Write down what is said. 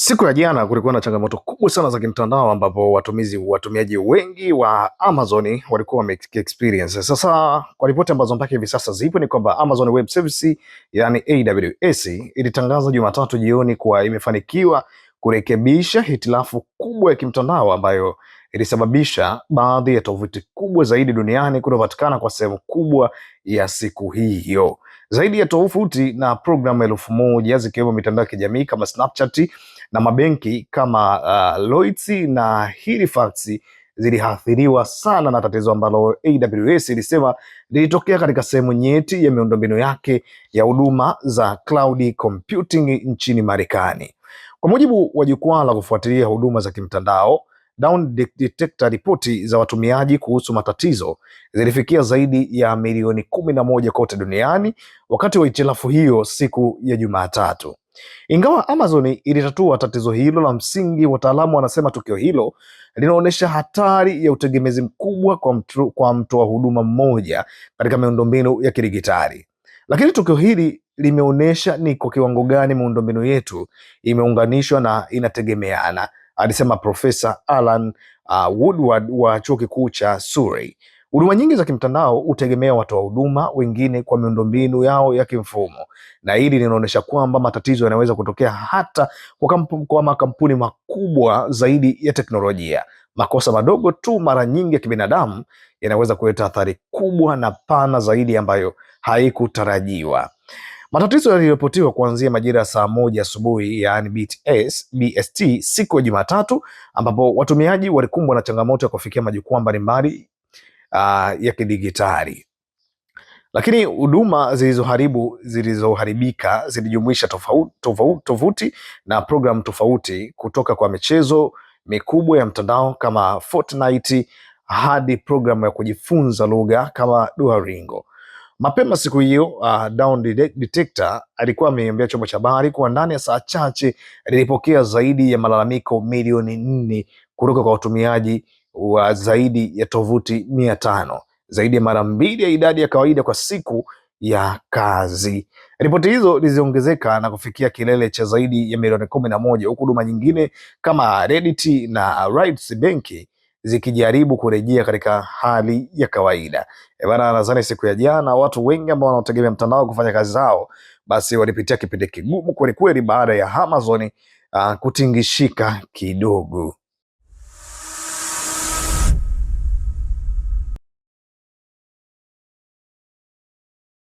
Siku ya jana kulikuwa na changamoto kubwa sana za kimtandao ambapo watumizi watumiaji wengi wa Amazon walikuwa wame experience. Sasa kwa ripoti ambazo mpaka hivi sasa zipo ni kwamba Amazon Web Service yani AWS ilitangaza Jumatatu jioni kuwa imefanikiwa kurekebisha hitilafu kubwa ya kimtandao ambayo ilisababisha baadhi ya tovuti kubwa zaidi duniani kutopatikana kwa sehemu kubwa ya siku hiyo. Zaidi ya tovuti na programu elfu moja zikiwemo mitandao ya kijamii kama Snapchat na mabenki kama uh, Lloyds na Halifax ziliathiriwa sana na tatizo ambalo AWS ilisema lilitokea katika sehemu nyeti ya miundombinu yake ya huduma za cloud computing nchini Marekani. Kwa mujibu wa jukwaa la kufuatilia huduma za kimtandao Down Detector, ripoti za watumiaji kuhusu matatizo zilifikia zaidi ya milioni kumi na moja kote duniani wakati wa hitilafu hiyo siku ya Jumatatu. Ingawa Amazon ilitatua tatizo hilo la msingi, wataalamu wanasema tukio hilo linaonyesha hatari ya utegemezi mkubwa kwa mtu, kwa mtoa huduma mmoja katika miundombinu ya kidigitali. Lakini tukio hili limeonyesha ni kwa kiwango gani miundombinu yetu imeunganishwa na inategemeana alisema Profesa Alan uh, Woodward wa chuo kikuu cha Surrey. Huduma nyingi za kimtandao hutegemea watoa huduma wengine kwa miundombinu yao ya kimfumo, na hili linaonyesha kwamba matatizo yanaweza kutokea hata kwa makampuni makubwa zaidi ya teknolojia. Makosa madogo tu, mara nyingi ya kibinadamu, yanaweza kuleta athari kubwa na pana zaidi ambayo haikutarajiwa. Matatizo yaliripotiwa kuanzia majira ya saa moja asubuhi yaani BTS, BST siku ya Jumatatu, ambapo watumiaji walikumbwa na changamoto ya kufikia majukwaa mbalimbali uh, ya kidigitali lakini huduma zilizoharibu zilizoharibika zilijumuisha tovuti na programu tofauti kutoka kwa michezo mikubwa ya mtandao kama Fortnite hadi programu ya kujifunza lugha kama Duolingo. Mapema siku hiyo uh, Down Detector alikuwa ameiambia chombo cha habari kuwa ndani ya saa chache lilipokea zaidi ya malalamiko milioni nne kutoka kwa watumiaji wa zaidi ya tovuti mia tano, zaidi ya mara mbili ya idadi ya kawaida kwa siku ya kazi. Ripoti hizo liziongezeka na kufikia kilele cha zaidi ya milioni kumi na moja huku huduma nyingine kama Reddit na Rights Benki zikijaribu kurejea katika hali ya kawaida. E bana, nadhani siku ya jana watu wengi ambao wanaotegemea mtandao kufanya kazi zao, basi walipitia kipindi kigumu kwelikweli baada ya Amazon uh, kutingishika kidogo.